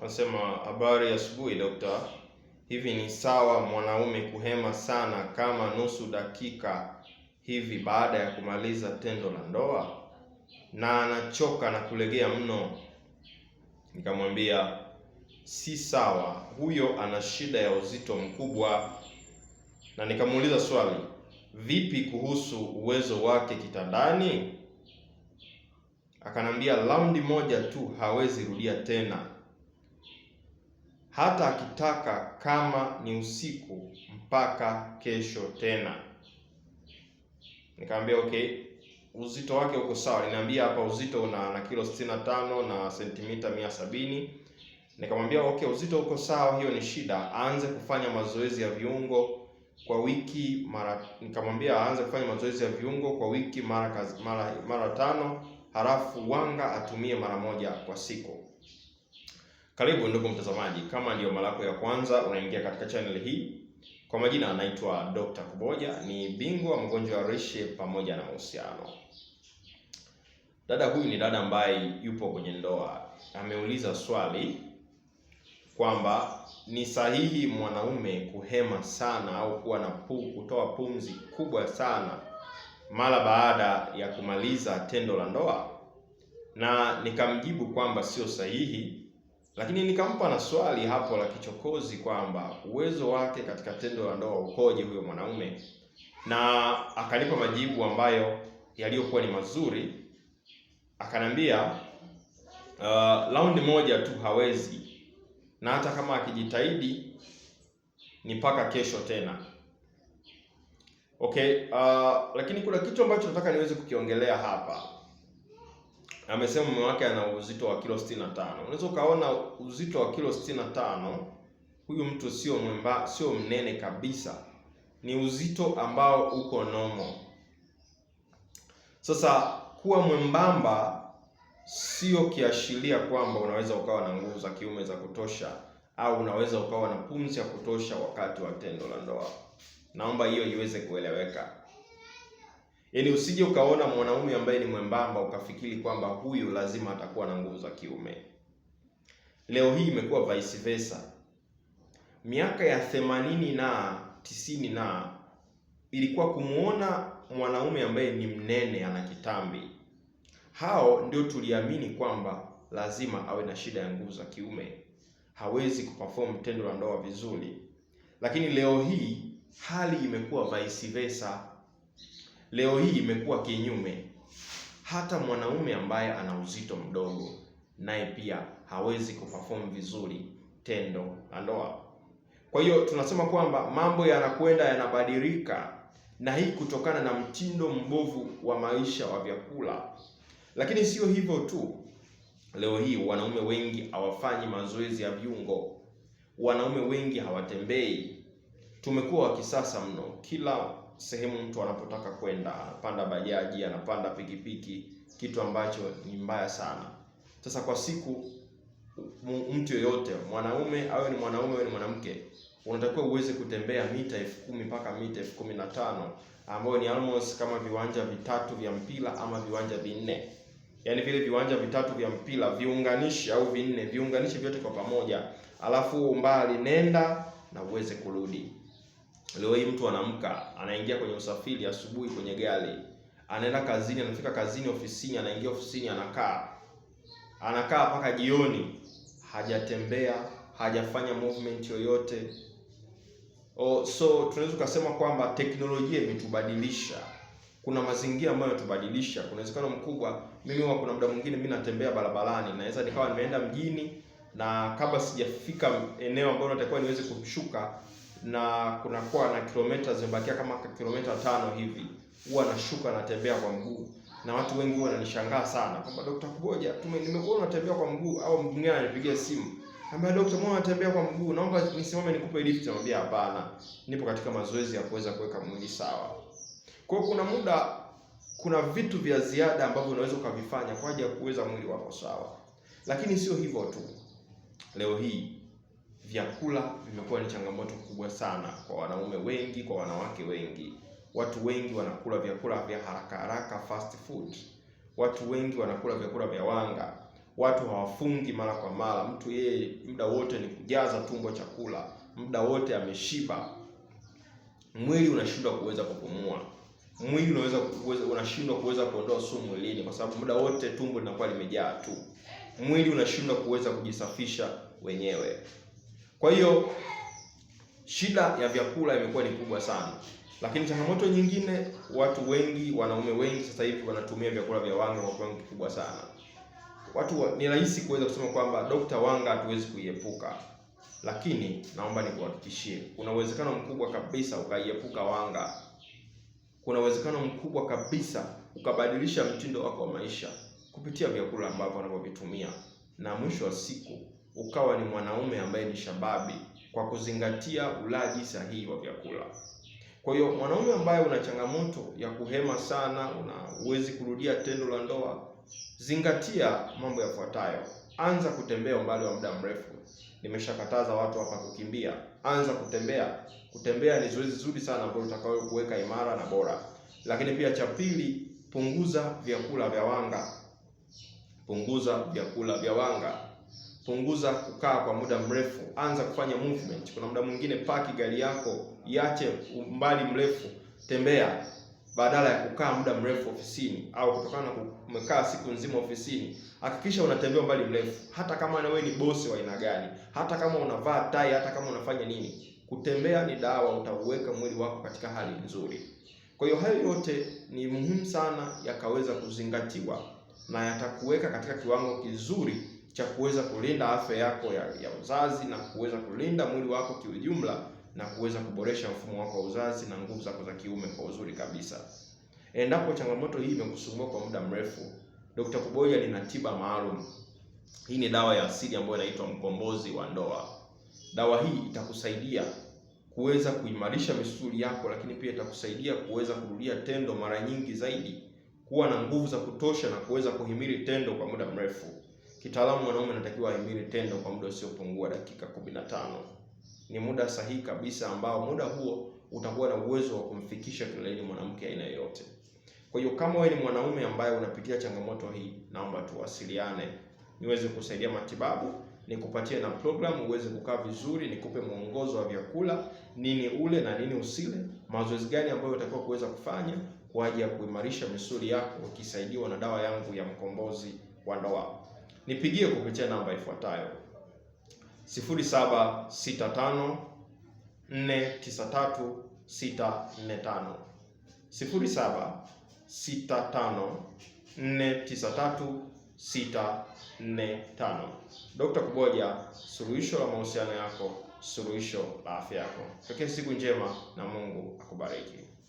Anasema habari asubuhi dokta, hivi ni sawa mwanaume kuhema sana kama nusu dakika hivi baada ya kumaliza tendo la ndoa na anachoka na kulegea mno? Nikamwambia si sawa, huyo ana shida ya uzito mkubwa, na nikamuuliza swali, vipi kuhusu uwezo wake kitandani? Akanambia raundi moja tu hawezi rudia tena hata akitaka kama ni usiku mpaka kesho tena. Nikamwambia okay, uzito wake uko sawa. Aliniambia hapa uzito una na kilo 65 na sentimita 170. Nikamwambia okay, uzito uko sawa, hiyo ni shida. Aanze kufanya mazoezi ya viungo kwa wiki mara, nikamwambia aanze kufanya mazoezi ya viungo kwa wiki mara mara, mara tano, halafu wanga atumie mara moja kwa siku. Karibu ndugu mtazamaji, kama ndiyo mara yako ya kwanza unaingia katika channel hii, kwa majina anaitwa Dr. Kuboja, ni bingwa mgonjwa wa rishe pamoja na mahusiano. Dada huyu ni dada ambaye yupo kwenye ndoa, ameuliza swali kwamba ni sahihi mwanaume kuhema sana au kuwa na pu, kutoa pumzi kubwa sana mara baada ya kumaliza tendo la ndoa, na nikamjibu kwamba sio sahihi lakini nikampa na swali hapo la kichokozi kwamba uwezo wake katika tendo la ndoa ukoje huyo mwanaume, na akanipa majibu ambayo yaliyokuwa ni mazuri. Akanambia uh, ah, raundi moja tu hawezi, na hata kama akijitahidi ni mpaka kesho tena. Okay, uh, lakini kuna kitu ambacho nataka niweze kukiongelea hapa amesema mume wake ana uzito wa kilo 65. Unaweza ukaona uzito wa kilo 65, huyu mtu sio mwemba, sio mnene kabisa, ni uzito ambao uko nomo Sasa kuwa mwembamba sio kiashiria kwamba unaweza ukawa na nguvu za kiume za kutosha au unaweza ukawa na pumzi ya kutosha wakati wa tendo la ndoa. Naomba hiyo iweze kueleweka. Yaani usije ukaona mwanaume ambaye ni mwembamba ukafikiri kwamba huyu lazima atakuwa na nguvu za kiume. Leo hii imekuwa vice versa. Miaka ya themanini na tisini na ilikuwa kumwona mwanaume ambaye ni mnene ana kitambi, hao ndio tuliamini kwamba lazima awe na shida ya nguvu za kiume, hawezi kuperform tendo la ndoa vizuri. Lakini leo hii hali imekuwa vice versa. Leo hii imekuwa kinyume. Hata mwanaume ambaye ana uzito mdogo naye pia hawezi kuperform vizuri tendo la ndoa. Kwa hiyo tunasema kwamba mambo yanakwenda yanabadilika, na hii kutokana na mtindo mbovu wa maisha wa vyakula. Lakini sio hivyo tu, leo hii wanaume wengi hawafanyi mazoezi ya viungo, wanaume wengi hawatembei. Tumekuwa wa kisasa mno, kila sehemu mtu anapotaka kwenda, anapanda bajaji, anapanda pikipiki, kitu ambacho ni mbaya sana. Sasa kwa siku mtu yoyote mwanaume awe ni mwanaume awe ni mwanamke, unatakiwa uweze kutembea mita elfu kumi mpaka mita elfu kumi na tano ambayo ni almost kama viwanja vitatu vya mpira ama viwanja vinne, yaani vile viwanja vitatu vya mpira viunganishi au vinne viunganishi vyote kwa pamoja, alafu umbali nenda na uweze kurudi. Leo hii mtu anamka anaingia kwenye usafiri asubuhi kwenye gari, anaenda kazini, anafika kazini, ofisini, anaingia ofisini, anakaa anakaa mpaka jioni, hajatembea, hajafanya movement yoyote. Oh, so tunaweza kusema kwamba teknolojia imetubadilisha. Kuna mazingira ambayo yanatubadilisha. Kuna uwezekano mkubwa mimi huwa kuna muda mwingine mimi natembea barabarani, naweza nikawa nimeenda mjini na kabla sijafika eneo ambalo natakiwa niweze kushuka na kunakuwa na kilomita zimebakia kama kilomita tano hivi, huwa nashuka natembea kwa mguu, na watu wengi huwa wananishangaa sana kwamba Dokta Kuboja, nimekuwa natembea kwa mguu, au mtu mwingine ananipigia simu ambaye dokta, mbona natembea kwa mguu, naomba nisimame nikupe lift. Namwambia hapana, nipo katika mazoezi ya kuweza kuweka mwili sawa. Kwa hiyo kuna muda, kuna vitu vya ziada ambavyo unaweza ukavifanya kwa ajili ya kuweza mwili wako sawa, lakini sio hivyo tu. Leo hii vyakula vimekuwa ni changamoto kubwa sana kwa wanaume wengi, kwa wanawake wengi. Watu wengi wanakula vyakula vya haraka haraka, fast food. Watu wengi wanakula vyakula vya wanga. Watu hawafungi mara kwa mara. Mtu yeye muda wote ni kujaza tumbo chakula, muda wote ameshiba. Mwili unashindwa kuweza kupumua, mwili unaweza kuweza, unashindwa kuweza kuondoa sumu mwilini kwa sababu muda wote tumbo linakuwa limejaa tu. Mwili unashindwa kuweza kujisafisha wenyewe. Kwa hiyo shida ya vyakula imekuwa ni kubwa sana, lakini changamoto nyingine, watu wengi, wanaume wengi sasa hivi wanatumia vyakula vya wanga kwa kiwango kikubwa sana. Watu wa, ni rahisi kuweza kusema kwamba Dokta wanga hatuwezi kuiepuka, lakini naomba nikuhakikishie kuna uwezekano mkubwa kabisa ukaiepuka wanga. Kuna uwezekano mkubwa kabisa ukabadilisha mtindo wako wa maisha kupitia vyakula ambavyo unavyovitumia, na mwisho wa siku ukawa ni mwanaume ambaye ni shababi kwa kuzingatia ulaji sahihi wa vyakula. Kwa hiyo mwanaume ambaye una changamoto ya kuhema sana, una uwezi kurudia tendo la ndoa, zingatia mambo yafuatayo. Anza kutembea umbali wa muda mrefu. Nimeshakataza watu hapa kukimbia. Anza kutembea. Kutembea ni zoezi zuri sana ambalo utakao kuweka imara na bora. Lakini pia cha pili, punguza vyakula vya wanga. Punguza vyakula vya wanga punguza kukaa kwa muda mrefu, anza kufanya movement. Kuna muda mwingine paki gari yako, iache umbali mrefu, tembea badala ya kukaa muda mrefu ofisini, au kutokana na kumekaa siku nzima ofisini, hakikisha unatembea umbali mrefu. Hata kama na wewe ni bosi wa aina gani, hata kama unavaa tai, hata kama unafanya nini, kutembea ni dawa. Utauweka mwili wako katika hali nzuri. Kwa hiyo hayo yote ni muhimu sana yakaweza kuzingatiwa na yatakuweka katika kiwango kizuri cha kuweza kulinda afya yako ya, ya uzazi na kuweza kulinda mwili wako kiujumla na kuweza kuboresha mfumo wako wa uzazi na nguvu zako za kiume kwa uzuri kabisa. Endapo changamoto hii imekusumbua kwa muda mrefu, Dr. Kuboja lina tiba maalum. Hii ni dawa ya asili ambayo inaitwa mkombozi wa ndoa. Dawa hii itakusaidia kuweza kuimarisha misuli yako, lakini pia itakusaidia kuweza kurudia tendo mara nyingi zaidi, kuwa na nguvu za kutosha na kuweza kuhimili tendo kwa muda mrefu. Kitaalamu, mwanaume anatakiwa ahimili tendo kwa muda usiopungua dakika 15. Ni muda sahihi kabisa ambao muda huo utakuwa na uwezo wa kumfikisha kileleni mwanamke aina yoyote. Kwa hiyo kama wewe ni mwanaume ambaye unapitia changamoto hii, naomba tuwasiliane niweze kusaidia matibabu, nikupatie na programu uweze kukaa vizuri, nikupe mwongozo wa vyakula, nini ule na nini usile, mazoezi gani ambayo utakiwa kuweza kufanya kwa ajili ya kuimarisha misuli yako, ukisaidiwa na dawa yangu ya mkombozi wa ndoa nipigie kupitia namba ifuatayo 0765 493 Dr. Kuboja, suluhisho la mahusiano yako, suluhisho la afya yako. Pekee siku njema na Mungu akubariki.